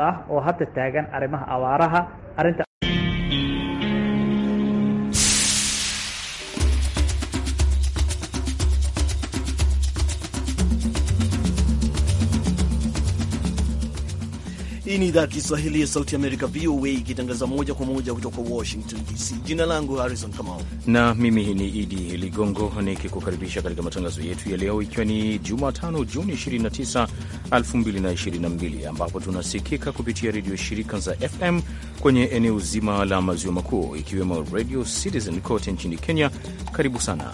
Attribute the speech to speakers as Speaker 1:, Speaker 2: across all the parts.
Speaker 1: ah oo hadda taagan arrimaha awaaraha arrinta
Speaker 2: Hii ni idhaa Kiswahili ya Sauti Amerika, VOA, ikitangaza moja kwa moja kutoka Washington DC. Jina langu Harrison Kamau
Speaker 3: na mimi ni Idi Ligongo nikikukaribisha katika matangazo yetu ya leo, ikiwa ni Jumatano Juni 29, 2022 ambapo tunasikika kupitia redio shirika za FM kwenye eneo zima la maziwa makuu ikiwemo Radio Citizen kote nchini Kenya. Karibu sana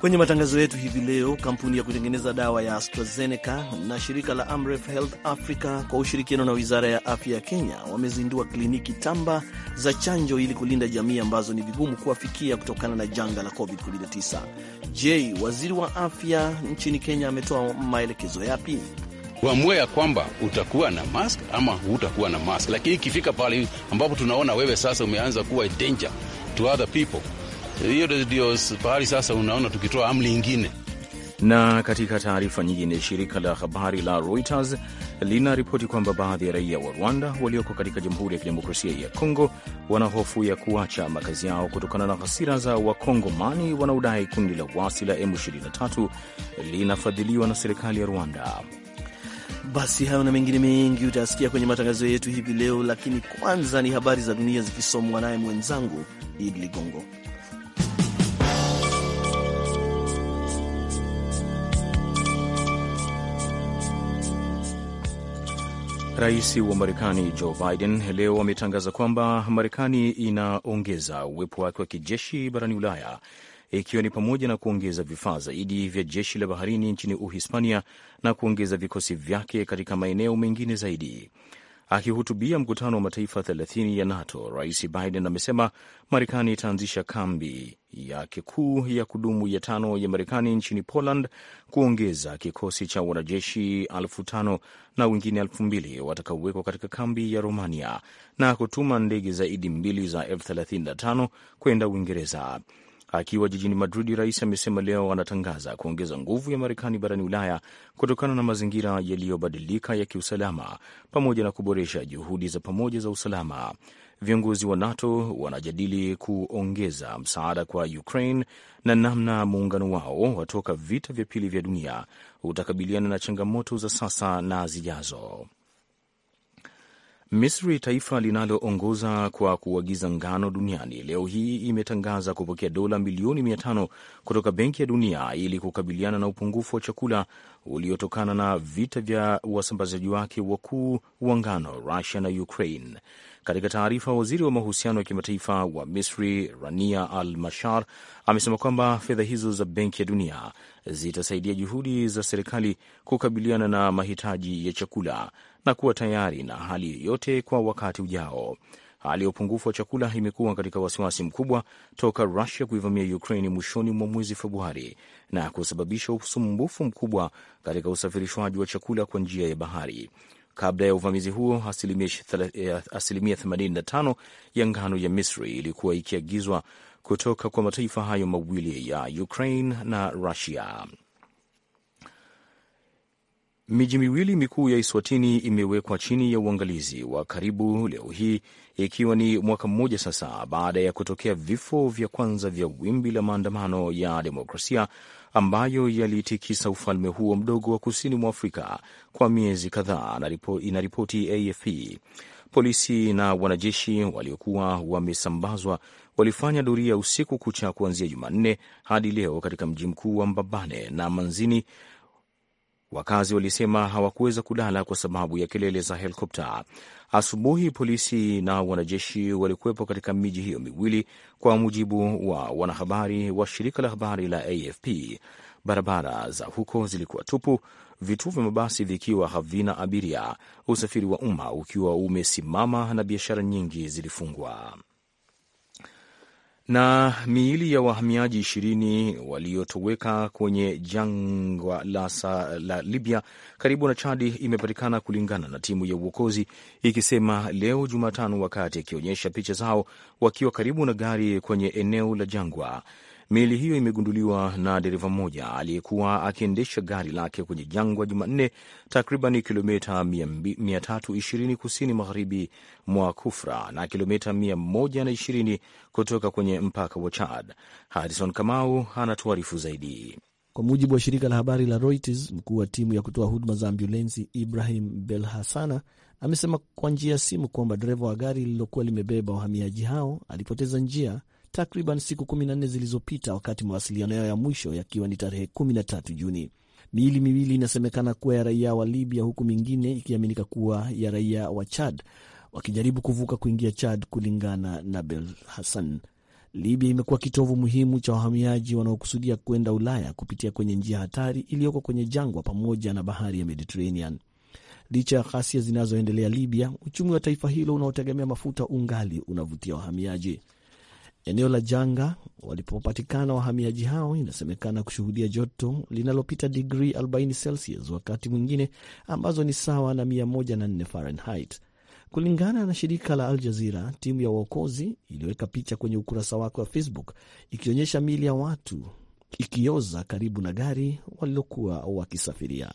Speaker 2: Kwenye matangazo yetu hivi leo, kampuni ya kutengeneza dawa ya AstraZeneca na shirika la Amref Health Africa kwa ushirikiano na wizara ya afya ya Kenya wamezindua kliniki tamba za chanjo ili kulinda jamii ambazo ni vigumu kuwafikia kutokana na janga la COVID-19. Je, waziri wa afya nchini Kenya ametoa maelekezo yapi?
Speaker 4: Uamue ya kwamba utakuwa na mask ama hutakuwa na mask, lakini ikifika pale ambapo tunaona wewe sasa umeanza kuwa danger to other people hiyo ndio pahali sasa unaona tukitoa amri
Speaker 3: ingine. Na katika taarifa nyingine, shirika la habari la Reuters linaripoti kwamba baadhi ya raia wa Rwanda walioko katika Jamhuri ya Kidemokrasia ya Kongo wana hofu ya kuacha makazi yao kutokana na hasira za Wakongomani wanaodai kundi la uasi la M23 linafadhiliwa na serikali ya Rwanda. Basi hayo
Speaker 2: na mengine mengi utayasikia kwenye matangazo yetu hivi leo, lakini kwanza ni habari za dunia zikisomwa naye mwenzangu Idi Ligongo.
Speaker 3: Rais wa Marekani Joe Biden leo ametangaza kwamba Marekani inaongeza uwepo wake wa kijeshi barani Ulaya, ikiwa ni pamoja na kuongeza vifaa zaidi vya jeshi la baharini nchini Uhispania na kuongeza vikosi vyake katika maeneo mengine zaidi. Akihutubia mkutano wa mataifa 30 ya NATO, Rais Biden amesema Marekani itaanzisha kambi ya kikuu ya kudumu ya tano ya Marekani nchini Poland, kuongeza kikosi cha wanajeshi elfu tano na wengine elfu mbili watakaowekwa katika kambi ya Romania na kutuma ndege zaidi mbili za F35 kwenda Uingereza. Akiwa jijini Madrid, rais amesema leo anatangaza kuongeza nguvu ya Marekani barani Ulaya kutokana na mazingira yaliyobadilika ya kiusalama pamoja na kuboresha juhudi za pamoja za usalama. Viongozi wa NATO wanajadili kuongeza msaada kwa Ukraine na namna muungano wao watoka vita vya pili vya dunia utakabiliana na changamoto za sasa na zijazo. Misri, taifa linaloongoza kwa kuagiza ngano duniani, leo hii imetangaza kupokea dola milioni mia tano kutoka Benki ya Dunia ili kukabiliana na upungufu wa chakula uliotokana na vita vya wasambazaji wake wakuu wa ngano, Rusia na Ukraine. Katika taarifa, waziri wa mahusiano ya kimataifa wa Misri, Rania Al Mashar, amesema kwamba fedha hizo za Benki ya Dunia zitasaidia juhudi za serikali kukabiliana na mahitaji ya chakula na kuwa tayari na hali yoyote kwa wakati ujao. Hali ya upungufu wa chakula imekuwa katika wasiwasi mkubwa toka Rusia kuivamia Ukraini mwishoni mwa mwezi Februari na kusababisha usumbufu mkubwa katika usafirishwaji wa chakula kwa njia ya bahari. Kabla ya uvamizi huo, asilimia 85 eh, ya ngano ya Misri ilikuwa ikiagizwa kutoka kwa mataifa hayo mawili ya Ukraine na Rusia. Miji miwili mikuu ya Iswatini imewekwa chini ya uangalizi wa karibu leo hii, ikiwa ni mwaka mmoja sasa baada ya kutokea vifo vya kwanza vya wimbi la maandamano ya demokrasia ambayo yalitikisa ufalme huo mdogo wa kusini mwa Afrika kwa miezi kadhaa, inaripoti AFP. Polisi na wanajeshi waliokuwa wamesambazwa walifanya doria usiku kucha kuanzia Jumanne hadi leo katika mji mkuu wa Mbabane na Manzini Wakazi walisema hawakuweza kulala kwa sababu ya kelele za helikopta. Asubuhi polisi na wanajeshi walikuwepo katika miji hiyo miwili, kwa mujibu wa wanahabari wa shirika la habari la AFP. Barabara za huko zilikuwa tupu, vituo vya mabasi vikiwa havina abiria, usafiri wa umma ukiwa umesimama na biashara nyingi zilifungwa na miili ya wahamiaji ishirini waliotoweka kwenye jangwa la, la Libya karibu na Chadi imepatikana kulingana na timu ya uokozi ikisema leo Jumatano, wakati akionyesha picha zao wakiwa karibu na gari kwenye eneo la jangwa. Meli hiyo imegunduliwa na dereva mmoja aliyekuwa akiendesha gari lake kwenye jangwa Jumanne, takriban kilomita 320 kusini magharibi mwa Kufra na kilomita 120 kutoka kwenye mpaka wa Chad. harison Kamau anatuarifu zaidi.
Speaker 2: Kwa mujibu wa shirika la habari la Reuters, mkuu wa timu ya kutoa huduma za ambulensi Ibrahim Belhasana amesema kwa njia ya simu kwamba dereva wa gari lililokuwa limebeba wahamiaji hao alipoteza njia takriban siku 14 zilizopita, wakati mawasiliano yao ya mwisho yakiwa ni tarehe 13 Juni. Miili miwili inasemekana kuwa ya raia wa Libya, huku mingine ikiaminika kuwa ya raia wa Chad wakijaribu kuvuka kuingia Chad, kulingana na Bel Hassan. Libya imekuwa kitovu muhimu cha wahamiaji wanaokusudia kwenda Ulaya kupitia kwenye njia hatari iliyoko kwenye jangwa pamoja na bahari ya Mediterranean. Licha ya ghasia zinazoendelea Libya, uchumi wa taifa hilo unaotegemea mafuta ungali unavutia wahamiaji. Eneo la janga walipopatikana wahamiaji hao inasemekana kushuhudia joto linalopita digrii 40 Celsius wakati mwingine ambazo ni sawa na 104 Fahrenheit. Kulingana na shirika la Al Jazeera, timu ya uokozi iliweka picha kwenye ukurasa wake wa Facebook ikionyesha miili ya watu ikioza karibu na gari walilokuwa wakisafiria.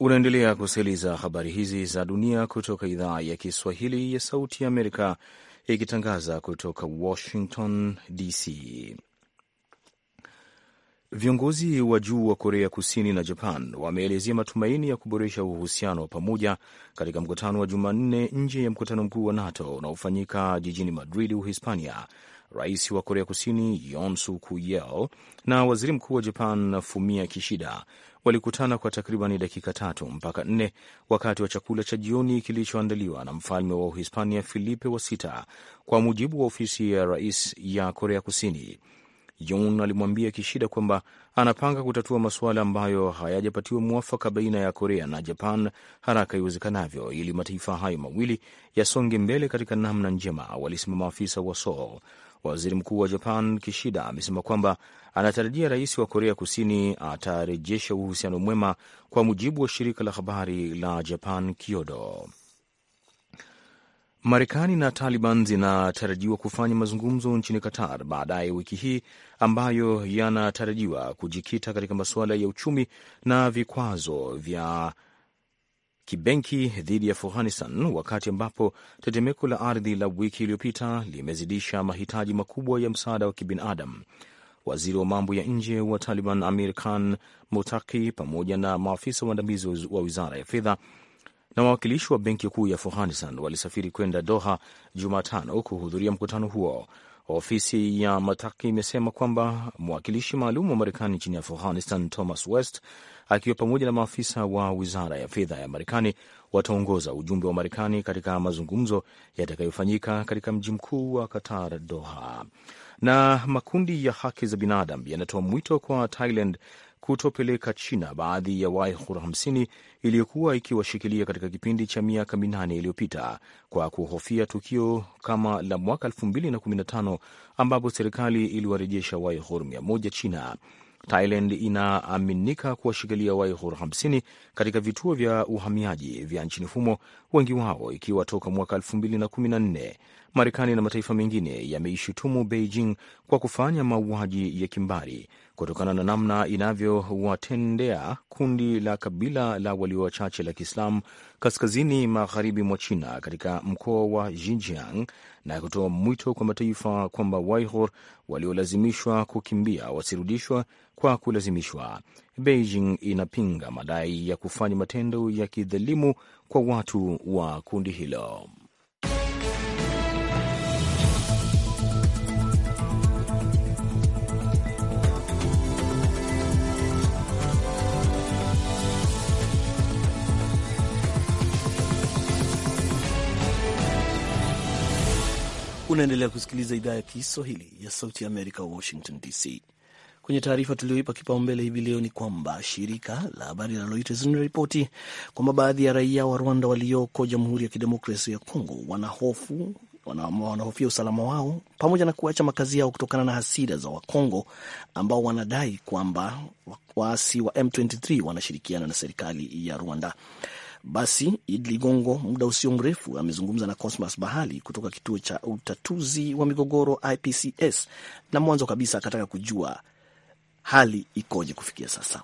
Speaker 3: Unaendelea kusikiliza habari hizi za dunia kutoka idhaa ya Kiswahili ya Sauti ya Amerika ikitangaza kutoka Washington DC. Viongozi wa juu wa Korea Kusini na Japan wameelezea matumaini ya kuboresha uhusiano wa pamoja katika mkutano wa Jumanne nje ya mkutano mkuu wa NATO unaofanyika jijini Madrid, Uhispania. Rais wa Korea Kusini Yoon Suk Yeol na waziri mkuu wa Japan Fumio Kishida walikutana kwa takriban dakika tatu mpaka nne wakati wa chakula cha jioni kilichoandaliwa na mfalme wa Uhispania Filipe wa sita, kwa mujibu wa ofisi ya rais ya Korea Kusini. Jong alimwambia Kishida kwamba anapanga kutatua masuala ambayo hayajapatiwa mwafaka baina ya Korea na Japan haraka iwezekanavyo ili mataifa hayo mawili yasonge mbele katika namna njema, walisema maafisa wa Seoul. Waziri Mkuu wa Japan Kishida amesema kwamba anatarajia rais wa Korea Kusini atarejesha uhusiano mwema, kwa mujibu wa shirika la habari la Japan Kyodo. Marekani na Taliban zinatarajiwa kufanya mazungumzo nchini Qatar baadaye wiki hii ambayo yanatarajiwa kujikita katika masuala ya uchumi na vikwazo vya kibenki dhidi ya Afghanistan, wakati ambapo tetemeko la ardhi la wiki iliyopita limezidisha mahitaji makubwa ya msaada wa kibinadamu. Waziri wa mambo ya nje wa Taliban Amir Khan Mutaki pamoja na maafisa waandamizi wa wizara ya fedha na wawakilishi wa benki kuu ya Afghanistan walisafiri kwenda Doha Jumatano kuhudhuria mkutano huo. Ofisi ya Mataki imesema kwamba mwakilishi maalum wa Marekani nchini Afghanistan, Thomas West, akiwa pamoja na maafisa wa wizara ya fedha ya Marekani wataongoza ujumbe wa Marekani katika mazungumzo yatakayofanyika katika mji mkuu wa Qatar, Doha. Na makundi ya haki za binadamu yanatoa mwito kwa Thailand kutopeleka China baadhi ya Waihur 50 iliyokuwa ikiwashikilia katika kipindi cha miaka minane iliyopita kwa kuhofia tukio kama la mwaka 2015 ambapo serikali iliwarejesha Waihur 100 China. Thailand inaaminika kuwashikilia Waihur 50 katika vituo vya uhamiaji vya nchini humo, wengi wao ikiwa toka mwaka 2014. Marekani na mataifa mengine yameishutumu Beijing kwa kufanya mauaji ya kimbari kutokana na namna inavyowatendea kundi la kabila la walio wachache la Kiislamu kaskazini magharibi mwa China katika mkoa wa Xinjiang na kutoa mwito kwa mataifa kwamba Waihor waliolazimishwa kukimbia wasirudishwa kwa kulazimishwa. Beijing inapinga madai ya kufanya matendo ya kidhalimu kwa watu wa kundi hilo.
Speaker 2: Unaendelea kusikiliza idhaa ya Kiswahili ya Sauti ya Amerika, Washington DC. Kwenye taarifa tuliyoipa kipaumbele hivi leo ni kwamba shirika la habari la Reuters linaripoti kwamba baadhi ya raia wa Rwanda walioko Jamhuri ya Kidemokrasia ya Kongo wanahofu wanahofia usalama wao pamoja na kuacha makazi yao kutokana na hasira za Wakongo ambao wanadai kwamba waasi wa M23 wanashirikiana na serikali ya Rwanda. Basi Id Ligongo muda usio mrefu amezungumza na Cosmas Bahali kutoka kituo cha utatuzi wa migogoro IPCS, na mwanzo kabisa akataka kujua hali ikoje kufikia sasa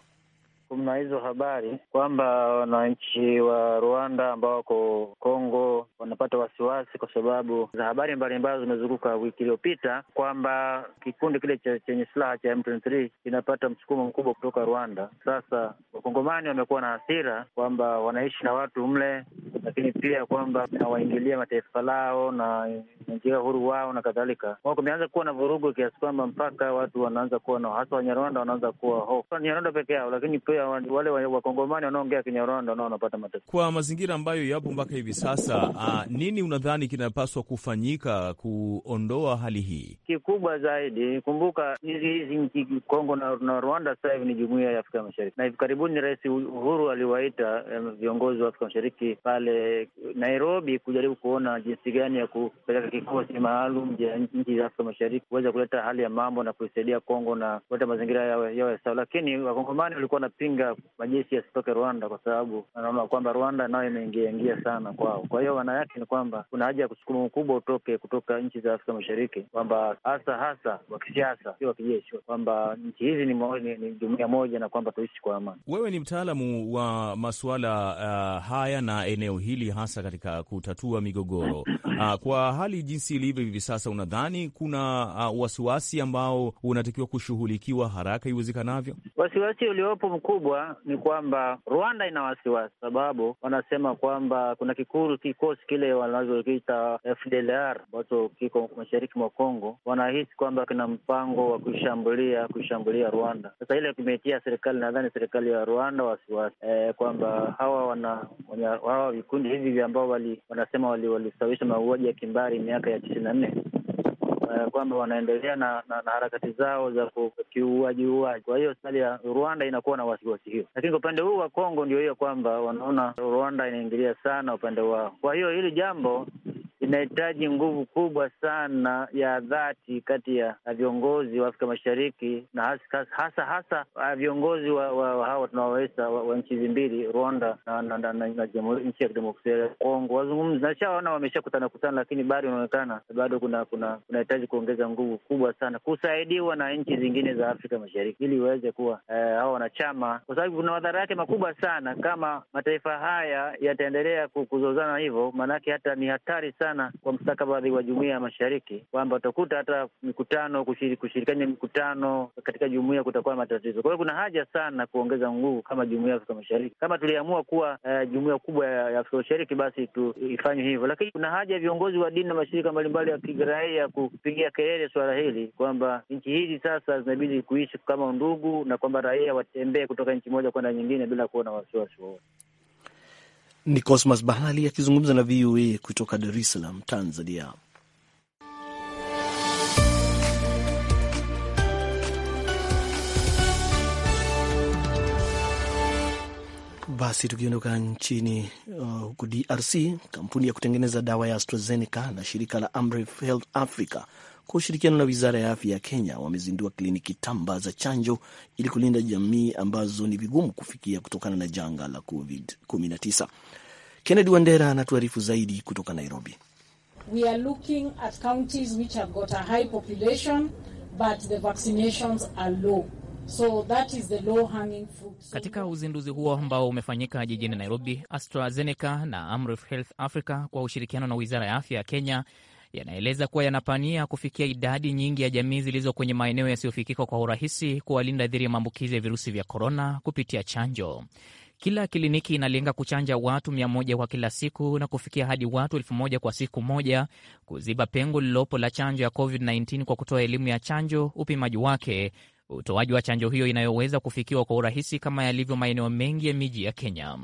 Speaker 5: kuna hizo habari kwamba wananchi wa Rwanda ambao wako Kongo wanapata wasiwasi kwa sababu za habari mbalimbali zimezunguka wiki iliyopita kwamba kikundi kile chenye silaha cha M23 kinapata msukumo mkubwa kutoka Rwanda. Sasa wakongomani wamekuwa na hasira kwamba wanaishi na watu mle, lakini pia kwamba nawaingilia mataifa lao na njia huru wao na kadhalika. Kumeanza kuwa na vurugu kiasi kwamba mpaka watu wanaanza kuwa na hasa Wanyarwanda wanaanza kuwa hofu, Wanyarwanda peke yao, lakini pia wanaongea wale wakongomani kwenye Kinyarwanda nao wanapata matatizo.
Speaker 3: Kwa mazingira ambayo yapo mpaka hivi sasa, a, ah, nini unadhani kinapaswa kufanyika kuondoa hali hii?
Speaker 5: Kikubwa zaidi, kumbuka hizi nchi Kongo na, na Rwanda sasa hivi ni jumuia ya Afrika Mashariki, na hivi karibuni Rais Uhuru aliwaita eh, viongozi wa Afrika Mashariki pale Nairobi kujaribu kuona jinsi gani ya kupeleka kikosi maalum ya nchi za Afrika Mashariki kuweza kuleta hali ya mambo na kuisaidia Kongo na kuleta mazingira yawe sawa, lakini wakongomani walikuwa wanapinga kupinga majeshi yasitoke Rwanda kwa sababu anaona kwamba Rwanda nayo imeingia ingia sana kwao. Kwa hiyo maana yake ni kwamba kuna haja ya kusukuma mkubwa utoke kutoka nchi za Afrika Mashariki, kwamba hasa hasa wa kisiasa, sio wa kijeshi, kwamba nchi hizi ni, ni, ni jumuia moja na kwamba tuishi kwa amani.
Speaker 3: Wewe ni mtaalamu wa masuala uh, haya na eneo hili hasa katika kutatua migogoro uh, kwa hali jinsi ilivyo hivi sasa, unadhani kuna uh, wasiwasi ambao unatakiwa kushughulikiwa haraka iwezekanavyo?
Speaker 5: Wasiwasi uliopo mkubwa kikubwa ni kwamba Rwanda ina wasiwasi, sababu wanasema kwamba kuna kikuru kikosi kile wanazokiita FDLR ambacho kiko mashariki mwa Kongo, wanahisi kwamba kina mpango wa kuishambulia kuishambulia Rwanda. Sasa ile kimetia serikali, nadhani serikali ya Rwanda wasiwasi e, kwamba hawa wana, wana, hawa vikundi hivi ambao wali, wanasema walisawisha wali mauaji ya kimbari miaka ya tisini na nne uh, kwamba wanaendelea na, na, na harakati zao za kiuaji uaji. Kwa hiyo serikali ya Rwanda inakuwa na wasiwasi hiyo, lakini kwa upande huu wa Kongo ndio hiyo kwamba wanaona Rwanda inaingilia sana upande wao. Kwa hiyo hili jambo inahitaji nguvu kubwa sana ya dhati kati ya viongozi wa Afrika Mashariki na hasa hasa, hasa ah, viongozi wa, wa, wa hawa tunaoweza wa, wa nchi hizi mbili Rwanda na, na, na, na, na nchi ya kidemokrasia ya Kongo wazungumzi nashaona wameshakutana kutana, lakini bado inaonekana bado kuna kuna kunahitaji kuongeza nguvu kubwa sana kusaidiwa na nchi zingine za Afrika Mashariki ili iweze kuwa eh, hawa wanachama, kwa sababu kuna madhara yake makubwa sana kama mataifa haya yataendelea kuzozana hivyo, maanake hata ni hatari sana sana kwa mstakabali wa jumuia ya mashariki, kwamba utakuta hata mikutano kushirikanya mikutano katika jumuia kutakuwa na matatizo. Kwa hiyo kuna haja sana kuongeza nguvu kama jumuia ya Afrika Mashariki. Kama tuliamua kuwa uh, eh, jumuia kubwa ya Afrika Mashariki, basi ifanywe hivyo, lakini kuna haja ya viongozi wa dini na mashirika mbalimbali ya kiraia kupigia kelele suala hili kwamba nchi hizi sasa zinabidi kuishi kama ndugu na kwamba raia watembee kutoka nchi moja kwenda nyingine bila kuona wasiwasi wowote.
Speaker 3: Ni
Speaker 2: Cosmas Bahali akizungumza na VOA kutoka Dar es Salaam, Tanzania. Basi tukiondoka nchini huku uh, DRC, kampuni ya kutengeneza dawa ya AstraZeneca na shirika la Amref Health Africa kwa ushirikiano na wizara ya afya ya Kenya wamezindua kliniki tamba za chanjo ili kulinda jamii ambazo ni vigumu kufikia kutokana na janga la COVID-19. Kennedy Wandera anatuarifu zaidi kutoka Nairobi.
Speaker 6: We are looking at counties which have got a high population but the vaccinations are low. So that is the low hanging fruit.
Speaker 1: So katika uzinduzi huo ambao umefanyika jijini Nairobi, AstraZeneca na Amref Health Africa kwa ushirikiano na Wizara ya Afya ya Kenya yanaeleza kuwa yanapania kufikia idadi nyingi ya jamii zilizo kwenye maeneo yasiyofikika kwa urahisi, kuwalinda dhidi ya maambukizi ya virusi vya korona kupitia chanjo. Kila kliniki inalenga kuchanja watu mia moja kwa kila siku na kufikia hadi watu elfu moja kwa siku moja, kuziba pengo lililopo la chanjo ya COVID-19 kwa kutoa elimu ya chanjo, upimaji wake utoaji wa chanjo hiyo inayoweza kufikiwa kwa urahisi kama yalivyo maeneo mengi ya miji ya Kenya.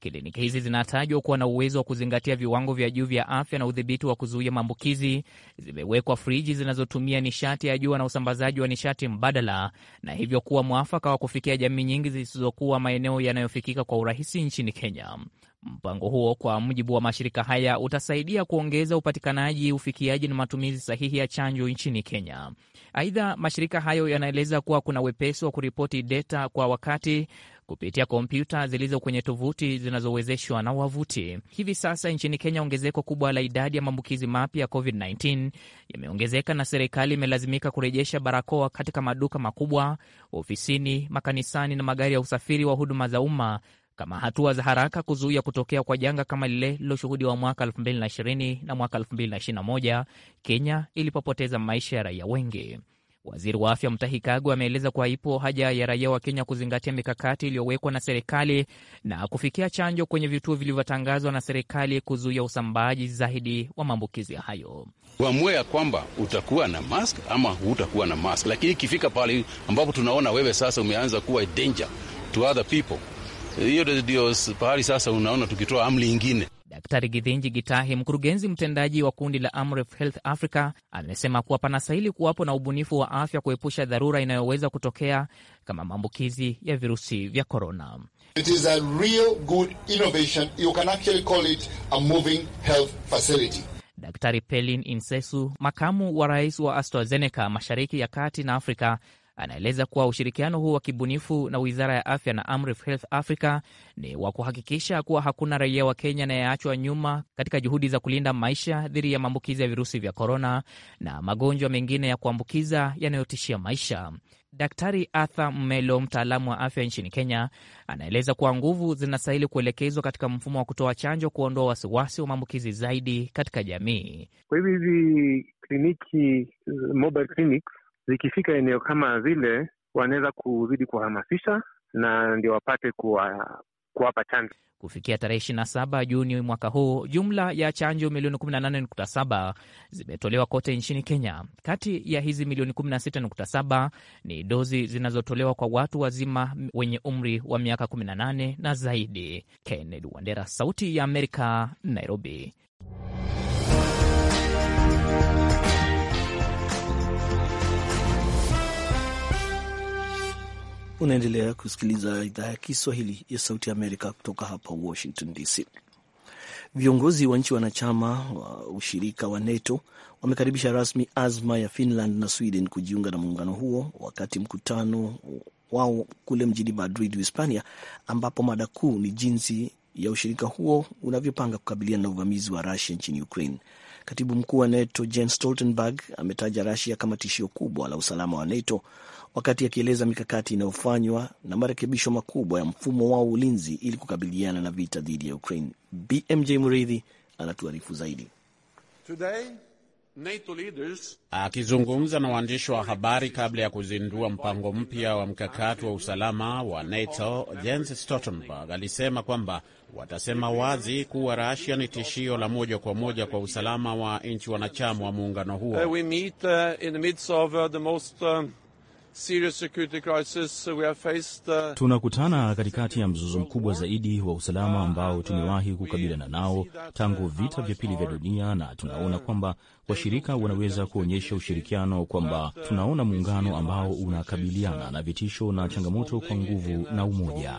Speaker 1: Kliniki hizi zinatajwa kuwa na uwezo wa kuzingatia viwango vya juu vya afya na udhibiti wa kuzuia maambukizi. Zimewekwa friji zinazotumia nishati ya jua na usambazaji wa nishati mbadala, na hivyo kuwa mwafaka wa kufikia jamii nyingi zisizokuwa maeneo yanayofikika kwa urahisi nchini Kenya. Mpango huo kwa mujibu wa mashirika haya utasaidia kuongeza upatikanaji, ufikiaji na matumizi sahihi ya chanjo nchini Kenya. Aidha, mashirika hayo yanaeleza kuwa kuna wepesi wa kuripoti deta kwa wakati kupitia kompyuta zilizo kwenye tovuti zinazowezeshwa na wavuti. Hivi sasa nchini Kenya, ongezeko kubwa la idadi ya maambukizi mapya ya COVID-19 yameongezeka na serikali imelazimika kurejesha barakoa katika maduka makubwa, ofisini, makanisani na magari ya usafiri wa huduma za umma kama hatua za haraka kuzuia kutokea kwa janga kama lile liloshuhudiwa mwaka 2020 na mwaka 2021 Kenya ilipopoteza maisha ya raia wengi. Waziri wa afya Mutahi Kagwe ameeleza kuwa ipo haja ya raia wa Kenya kuzingatia mikakati iliyowekwa na serikali na kufikia chanjo kwenye vituo vilivyotangazwa na serikali kuzuia usambaaji zaidi wa maambukizi hayo.
Speaker 4: Uamue ya kwamba utakuwa na mask ama hutakuwa na mask, lakini ikifika pale ambapo tunaona wewe sasa umeanza kuwa danger to other people hiyo ndio pahali sasa unaona tukitoa amri
Speaker 1: ingine. Daktari Githinji Gitahi, mkurugenzi mtendaji wa kundi la Amref Health Africa, amesema kuwa panastahili kuwapo na ubunifu wa afya kuepusha dharura inayoweza kutokea kama maambukizi ya virusi vya korona. Daktari Pelin Insesu, makamu wa rais wa AstraZeneca mashariki ya kati na Afrika, Anaeleza kuwa ushirikiano huu wa kibunifu na wizara ya afya na Amref Health Africa ni wa kuhakikisha kuwa hakuna raia wa Kenya anayeachwa nyuma katika juhudi za kulinda maisha dhidi ya maambukizi ya virusi vya korona na magonjwa mengine ya kuambukiza yanayotishia maisha. Daktari Arthur Mmelo, mtaalamu wa afya nchini Kenya, anaeleza kuwa nguvu zinastahili kuelekezwa katika mfumo wa kutoa chanjo, kuondoa wasiwasi wa maambukizi zaidi katika jamii.
Speaker 7: Kwa hivyo hivi kliniki mobile clinics zikifika eneo kama vile wanaweza kuzidi kuhamasisha na ndio wapate kuwa, kuwapa chanjo.
Speaker 1: Kufikia tarehe saba Juni mwaka huu, jumla ya chanjo milioni 18.7 zimetolewa kote nchini Kenya. Kati ya hizi milioni 16.7 ni dozi zinazotolewa kwa watu wazima wenye umri wa miaka 18 na zaidi. Kennedy Wandera, Sauti ya Amerika, Nairobi.
Speaker 2: Unaendelea kusikiliza idhaa ya Kiswahili ya Sauti Amerika kutoka hapa Washington DC. Viongozi wa nchi wanachama wa ushirika wa NATO wamekaribisha rasmi azma ya Finland na Sweden kujiunga na muungano huo wakati mkutano wao kule mjini Madrid, Hispania, ambapo mada kuu ni jinsi ya ushirika huo unavyopanga kukabiliana na uvamizi wa Rusia nchini Ukraine. Katibu mkuu wa NATO Jens Stoltenberg ametaja Rusia kama tishio kubwa la usalama wa NATO wakati akieleza mikakati inayofanywa na marekebisho makubwa ya mfumo wao ulinzi ili kukabiliana na vita dhidi ya Ukraine. BMJ Muridhi anatuarifu zaidi.
Speaker 4: Today, NATO leaders... akizungumza na waandishi wa habari kabla ya kuzindua mpango mpya wa mkakati wa usalama wa NATO, Jens Stoltenberg alisema kwamba watasema wazi kuwa Rasia ni tishio la moja kwa moja kwa usalama wa nchi wanachama wa muungano huo. Uh, we meet, uh, in the midst of, uh, the most, uh... Uh,
Speaker 3: Tunakutana katikati ya mzozo mkubwa zaidi wa usalama ambao tumewahi uh, kukabiliana nao uh, tangu vita vya pili vya dunia, na tunaona kwamba washirika wanaweza kuonyesha ushirikiano, kwamba tunaona muungano ambao unakabiliana na vitisho na changamoto kwa nguvu na umoja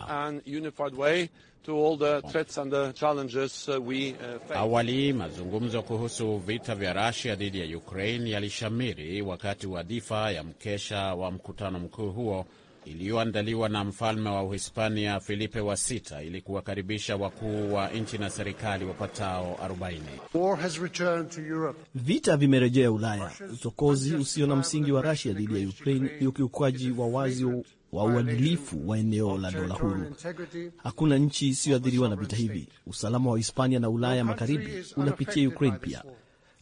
Speaker 4: to all the threats and the challenges uh, we uh, face. Awali mazungumzo kuhusu vita vya Russia dhidi ya Ukraine yalishamiri wakati wa dhifa ya mkesha wa mkutano mkuu huo iliyoandaliwa na mfalme wa Uhispania Filipe wa sita ili kuwakaribisha wakuu wa nchi na serikali wapatao
Speaker 2: 40. Vita vimerejea Ulaya. Uchokozi usio na msingi wa Rasia dhidi ya Ukraine ni ukiukwaji wa wazi wa uadilifu wa eneo la dola huru. Hakuna nchi isiyoathiriwa na vita hivi. Usalama wa Hispania na Ulaya magharibi unapitia Ukraine pia.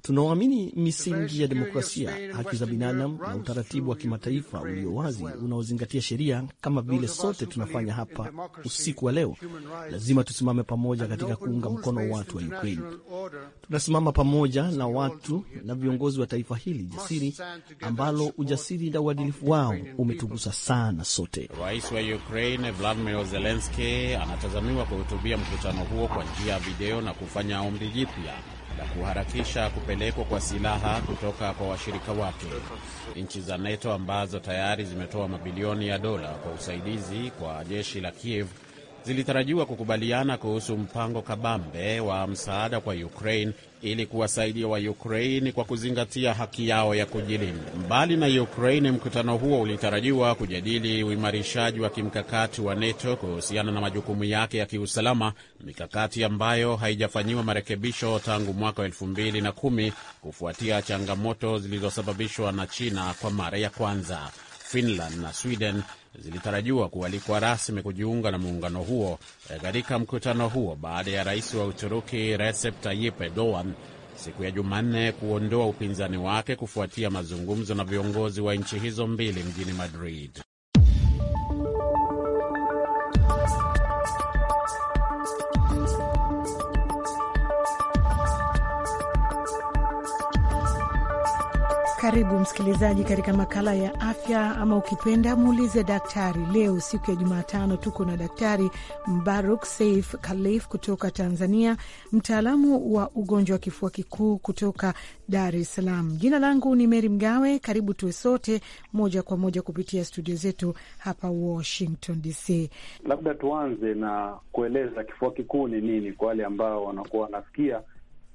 Speaker 2: Tunaoamini misingi ya demokrasia, haki za binadamu na utaratibu wa kimataifa ulio wazi unaozingatia sheria, kama vile sote tunafanya hapa usiku wa leo. Lazima tusimame pamoja katika kuunga mkono watu wa Ukraine. Tunasimama pamoja na watu na viongozi wa taifa hili jasiri, ambalo ujasiri na uadilifu wao umetugusa sana sote.
Speaker 4: Rais wa Ukraine Vladimir Zelenski anatazamiwa kuhutubia mkutano huo kwa njia ya video na kufanya ombi jipya la kuharakisha kupelekwa kwa silaha kutoka kwa washirika wake. Nchi za NATO ambazo tayari zimetoa mabilioni ya dola kwa usaidizi kwa jeshi la Kiev zilitarajiwa kukubaliana kuhusu mpango kabambe wa msaada kwa Ukraine ili kuwasaidia wa Ukraine kwa kuzingatia haki yao ya kujilinda. Mbali na Ukraine, mkutano huo ulitarajiwa kujadili uimarishaji wa kimkakati wa NATO kuhusiana na majukumu yake ya kiusalama, mikakati ambayo haijafanyiwa marekebisho tangu mwaka wa elfu mbili na kumi kufuatia changamoto zilizosababishwa na China kwa mara ya kwanza. Finland na Sweden zilitarajiwa kualikwa rasmi kujiunga na muungano huo e, katika mkutano huo baada ya rais wa Uturuki Recep Tayyip Erdogan siku ya Jumanne kuondoa upinzani wake kufuatia mazungumzo na viongozi wa nchi hizo mbili mjini Madrid.
Speaker 6: Karibu msikilizaji katika makala ya afya, ama ukipenda muulize daktari. Leo siku ya Jumatano tuko na Daktari Mbaruk Saif Khalif kutoka Tanzania, mtaalamu wa ugonjwa wa kifua kikuu kutoka Dar es Salaam. Jina langu ni Meri Mgawe. Karibu tuwe sote moja kwa moja kupitia studio zetu hapa Washington DC.
Speaker 7: Labda tuanze na kueleza kifua kikuu ni nini kwa wale ambao wanakuwa wanafikia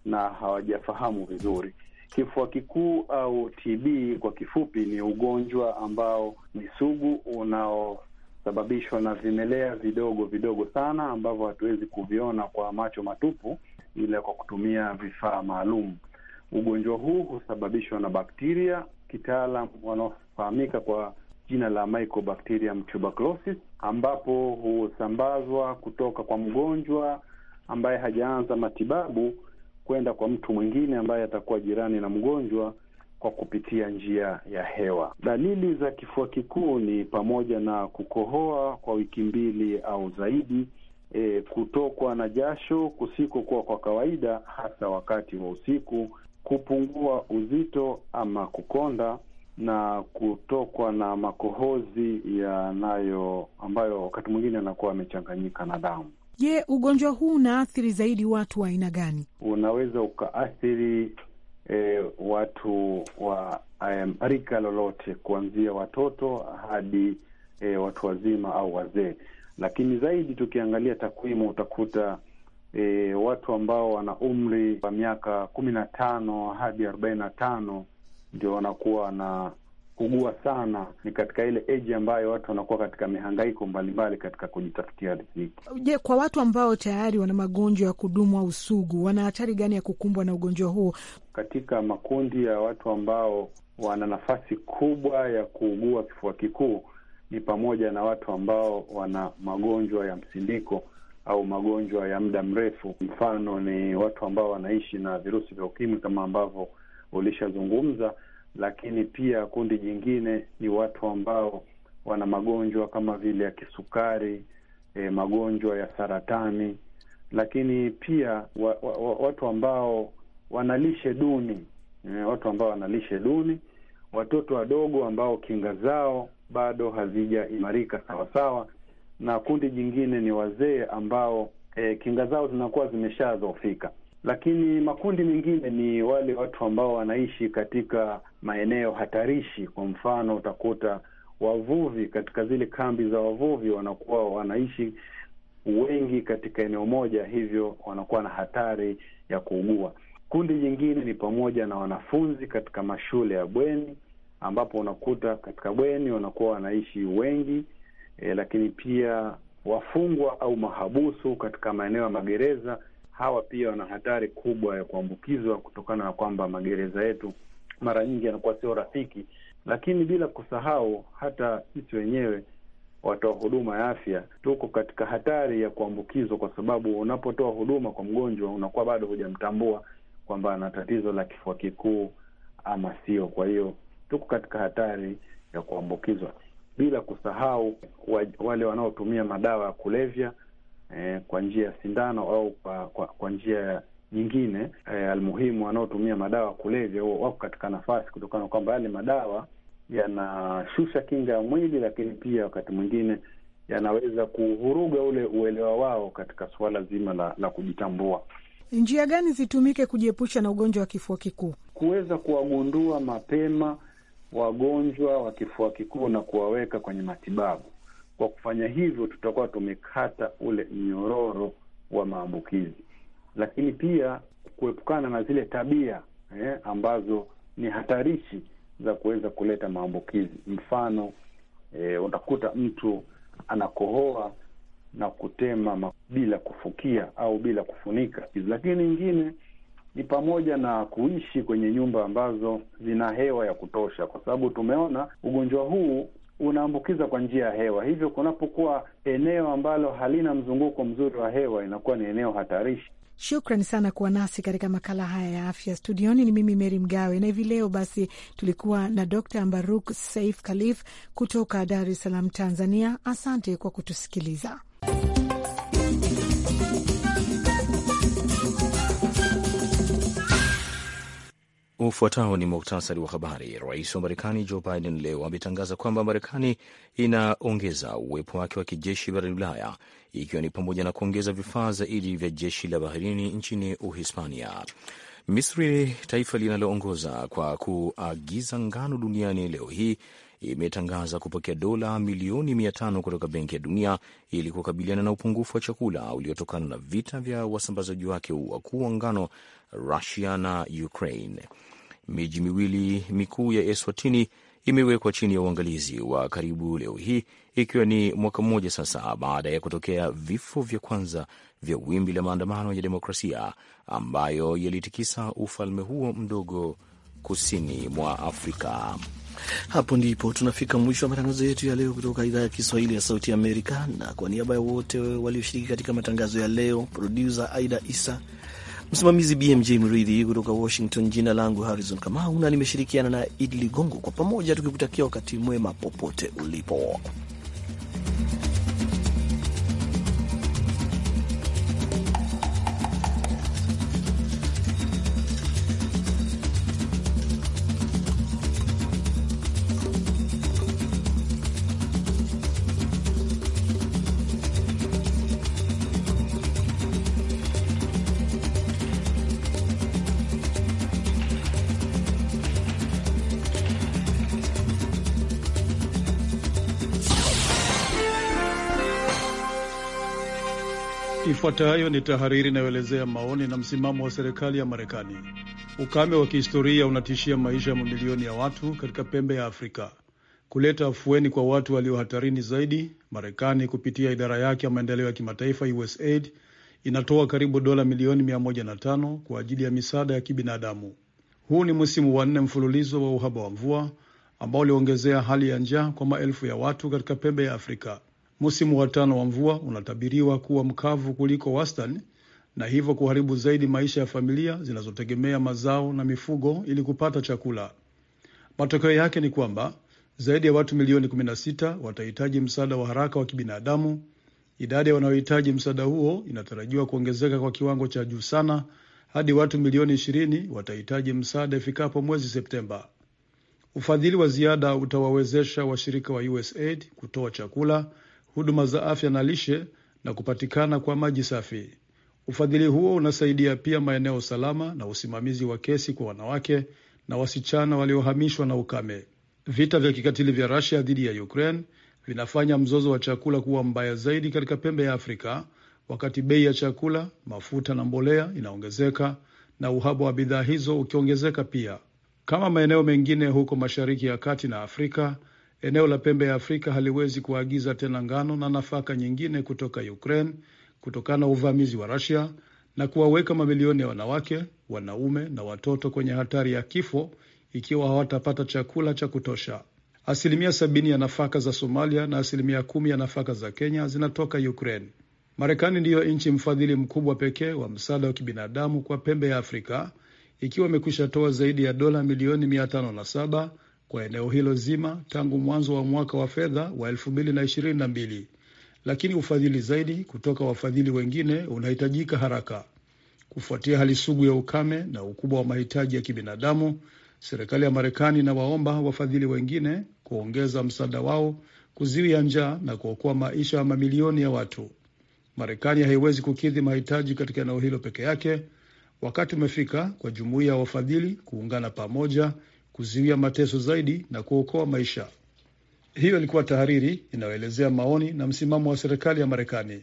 Speaker 7: na hawajafahamu vizuri. Kifua kikuu au TB kwa kifupi ni ugonjwa ambao ni sugu unaosababishwa na vimelea vidogo vidogo sana ambavyo hatuwezi kuviona kwa macho matupu, ila kwa kutumia vifaa maalum. Ugonjwa huu husababishwa na bakteria, kitaalam wanaofahamika kwa jina la Mycobacterium tuberculosis, ambapo husambazwa kutoka kwa mgonjwa ambaye hajaanza matibabu kwenda kwa mtu mwingine ambaye atakuwa jirani na mgonjwa kwa kupitia njia ya hewa. Dalili za kifua kikuu ni pamoja na kukohoa kwa wiki mbili au zaidi, e, kutokwa na jasho kusikokuwa kwa kawaida, hasa wakati wa usiku, kupungua uzito ama kukonda na kutokwa na makohozi yanayo ambayo wakati mwingine anakuwa amechanganyika na damu.
Speaker 6: Je, ugonjwa huu unaathiri zaidi watu wa aina gani?
Speaker 7: Unaweza ukaathiri e, watu wa um, rika lolote kuanzia watoto hadi e, watu wazima au wazee, lakini zaidi tukiangalia takwimu utakuta e, watu ambao wana umri wa miaka kumi na tano hadi arobaini na tano ndio wanakuwa na kugua sana ni katika ile eji ambayo watu wanakuwa katika mihangaiko mbalimbali katika kujitafutia riziki.
Speaker 6: Je, kwa watu ambao tayari wana magonjwa ya kudumu au sugu, wana hatari gani ya kukumbwa na ugonjwa huo?
Speaker 7: Katika makundi ya watu ambao wana nafasi kubwa ya kuugua kifua kikuu ni pamoja na watu ambao wana magonjwa ya msindiko au magonjwa ya muda mrefu. Mfano ni watu ambao wanaishi na virusi vya ukimwi kama ambavyo ulishazungumza lakini pia kundi jingine ni watu ambao wana magonjwa kama vile ya kisukari, e, magonjwa ya saratani, lakini pia wa, wa, wa, watu ambao wanalishe duni e, watu ambao wanalishe duni, watoto wadogo ambao kinga zao bado hazijaimarika sawasawa, na kundi jingine ni wazee ambao e, kinga zao zinakuwa zimeshadhoofika lakini makundi mengine ni wale watu ambao wanaishi katika maeneo hatarishi. Kwa mfano, utakuta wavuvi katika zile kambi za wavuvi wanakuwa wanaishi wengi katika eneo moja, hivyo wanakuwa na hatari ya kuugua. Kundi jingine ni pamoja na wanafunzi katika mashule ya bweni, ambapo unakuta katika bweni wanakuwa wanaishi wengi e, lakini pia wafungwa au mahabusu katika maeneo ya magereza hawa pia wana hatari kubwa ya kuambukizwa kutokana na kwamba magereza yetu mara nyingi yanakuwa sio rafiki, lakini bila kusahau hata sisi wenyewe watoa huduma ya afya tuko katika hatari ya kuambukizwa, kwa sababu unapotoa huduma kwa mgonjwa unakuwa bado hujamtambua kwamba ana tatizo la kifua kikuu ama sio. Kwa hiyo tuko katika hatari ya kuambukizwa, bila kusahau wale wanaotumia madawa ya kulevya eh, kwa njia ya sindano au kwa, kwa, kwa njia nyingine eh, almuhimu wanaotumia madawa kulevya wako katika nafasi kutokana kwamba yale madawa yanashusha kinga ya mwili, lakini pia wakati mwingine yanaweza kuvuruga ule uelewa wao katika suala zima la, la kujitambua.
Speaker 6: Njia gani zitumike kujiepusha na ugonjwa wa kifua kikuu?
Speaker 7: Kuweza kuwagundua mapema wagonjwa wa kifua kikuu na kuwaweka kwenye matibabu. Kwa kufanya hivyo, tutakuwa tumekata ule mnyororo wa maambukizi, lakini pia kuepukana na zile tabia eh, ambazo ni hatarishi za kuweza kuleta maambukizi. Mfano eh, utakuta mtu anakohoa na kutema bila kufukia au bila kufunika, lakini ingine ni pamoja na kuishi kwenye nyumba ambazo zina hewa ya kutosha, kwa sababu tumeona ugonjwa huu unaambukiza kwa njia ya hewa. Hivyo kunapokuwa eneo ambalo halina mzunguko mzuri wa hewa, inakuwa ni eneo hatarishi. Shukran
Speaker 6: sana kuwa nasi katika makala haya ya afya. Studioni ni mimi Meri Mgawe, na hivi leo basi tulikuwa na Dr Mbaruk Saif Khalif kutoka Dar es Salaam, Tanzania. Asante kwa kutusikiliza.
Speaker 3: Ufuatao ni muktasari wa habari. Rais wa Marekani Joe Biden leo ametangaza kwamba Marekani inaongeza uwepo wake wa kijeshi barani Ulaya, ikiwa ni pamoja na kuongeza vifaa zaidi vya jeshi la baharini nchini Uhispania. Misri, taifa linaloongoza kwa kuagiza ngano duniani, leo hii imetangaza kupokea dola milioni mia tano kutoka Benki ya Dunia ili kukabiliana na upungufu wa chakula uliotokana na vita vya wasambazaji wake wakuu wa ngano Rusia na Ukraine miji miwili mikuu ya Eswatini imewekwa chini ya uangalizi wa karibu leo hii, ikiwa ni mwaka mmoja sasa baada ya kutokea vifo vya kwanza vya wimbi la maandamano ya demokrasia ambayo yalitikisa ufalme huo mdogo kusini mwa Afrika.
Speaker 2: Hapo ndipo tunafika mwisho wa matangazo yetu ya leo kutoka idhaa ya Kiswahili ya Sauti Amerika, na kwa niaba ya wote walioshiriki katika matangazo ya leo, produsa Aida Isa Msimamizi BMJ Mridhi kutoka Washington. Jina langu Harrison Kamau na nimeshirikiana na Idi Ligongo, kwa pamoja tukikutakia wakati mwema popote ulipo.
Speaker 8: Ifuatayo ni tahariri inayoelezea maoni na msimamo wa serikali ya Marekani. Ukame wa kihistoria unatishia maisha ya mamilioni ya watu katika pembe ya Afrika. Kuleta afueni kwa watu walio hatarini zaidi, Marekani kupitia idara yake ya maendeleo ya kimataifa USAID inatoa karibu dola milioni 105 kwa ajili ya misaada ya kibinadamu. Huu ni msimu wa nne mfululizo wa uhaba wa mvua ambao uliongezea hali ya njaa kwa maelfu ya watu katika pembe ya Afrika. Msimu wa tano wa mvua unatabiriwa kuwa mkavu kuliko wastani na hivyo kuharibu zaidi maisha ya familia zinazotegemea mazao na mifugo ili kupata chakula. Matokeo yake ni kwamba zaidi ya watu milioni 16 watahitaji msaada wa haraka wa kibinadamu. Idadi ya wanaohitaji msaada huo inatarajiwa kuongezeka kwa kiwango cha juu sana hadi watu milioni 20 watahitaji msaada ifikapo mwezi Septemba. Ufadhili wa ziada utawawezesha washirika wa USAID kutoa chakula huduma za afya na lishe na kupatikana kwa maji safi. Ufadhili huo unasaidia pia maeneo salama na usimamizi wa kesi kwa wanawake na wasichana waliohamishwa na ukame. Vita vya kikatili vya Russia dhidi ya Ukraine vinafanya mzozo wa chakula kuwa mbaya zaidi katika pembe ya Afrika, wakati bei ya chakula, mafuta na mbolea inaongezeka na uhaba wa bidhaa hizo ukiongezeka pia. Kama maeneo mengine huko Mashariki ya Kati na Afrika, Eneo la pembe ya Afrika haliwezi kuagiza tena ngano na nafaka nyingine kutoka Ukraine kutokana na uvamizi wa Russia na kuwaweka mamilioni ya wanawake, wanaume na watoto kwenye hatari ya kifo ikiwa hawatapata chakula cha kutosha. Asilimia sabini ya nafaka za Somalia na asilimia kumi ya nafaka za Kenya zinatoka Ukraine. Marekani ndiyo nchi mfadhili mkubwa pekee wa msaada wa kibinadamu kwa pembe ya Afrika, ikiwa imekwisha toa zaidi ya dola milioni mia tano na saba kwa eneo hilo zima tangu mwanzo wa mwaka wa fedha wa 2022 lakini ufadhili zaidi kutoka wafadhili wengine unahitajika haraka. Kufuatia hali sugu ya ukame na ukubwa wa mahitaji ya kibinadamu, serikali ya Marekani inawaomba wafadhili wengine kuongeza msaada wao kuziwia njaa na kuokoa maisha ya mamilioni ya watu. Marekani haiwezi kukidhi mahitaji katika eneo hilo peke yake. Wakati umefika kwa jumuiya ya wafadhili kuungana pamoja kuzuia mateso zaidi na kuokoa maisha. Hiyo ilikuwa tahariri inayoelezea maoni na msimamo wa serikali ya Marekani.